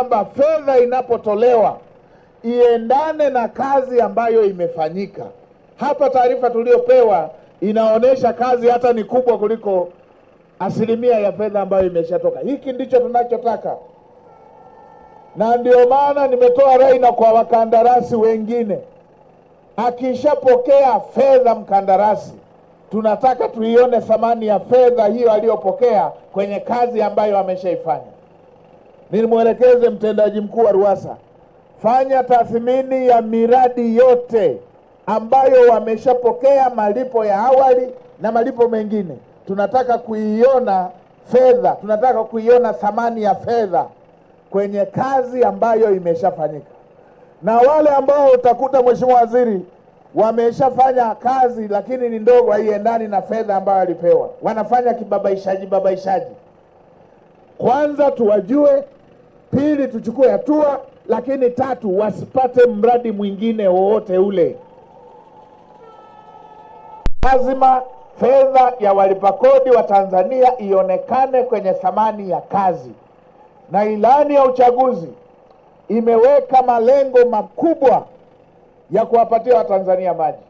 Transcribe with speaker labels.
Speaker 1: kwamba fedha inapotolewa iendane na kazi ambayo imefanyika. Hapa taarifa tuliyopewa inaonyesha kazi hata ni kubwa kuliko asilimia ya fedha ambayo imeshatoka. Hiki ndicho tunachotaka, na ndio maana nimetoa rai na kwa wakandarasi wengine, akishapokea fedha mkandarasi, tunataka tuione thamani ya fedha hiyo aliyopokea kwenye kazi ambayo ameshaifanya nimwelekeze mtendaji mkuu wa RUWASA, fanya tathmini ya miradi yote ambayo wameshapokea malipo ya awali na malipo mengine. Tunataka kuiona fedha, tunataka kuiona thamani ya fedha kwenye kazi ambayo imeshafanyika, na wale ambao utakuta, Mheshimiwa Waziri, wameshafanya kazi lakini ni ndogo, haiendani na fedha ambayo alipewa, wanafanya kibabaishaji babaishaji. Kwanza tuwajue pili, tuchukue hatua, lakini tatu, wasipate mradi mwingine wowote ule. Lazima fedha ya walipa kodi wa Tanzania ionekane kwenye thamani ya kazi, na ilani ya uchaguzi imeweka malengo makubwa ya kuwapatia Watanzania maji.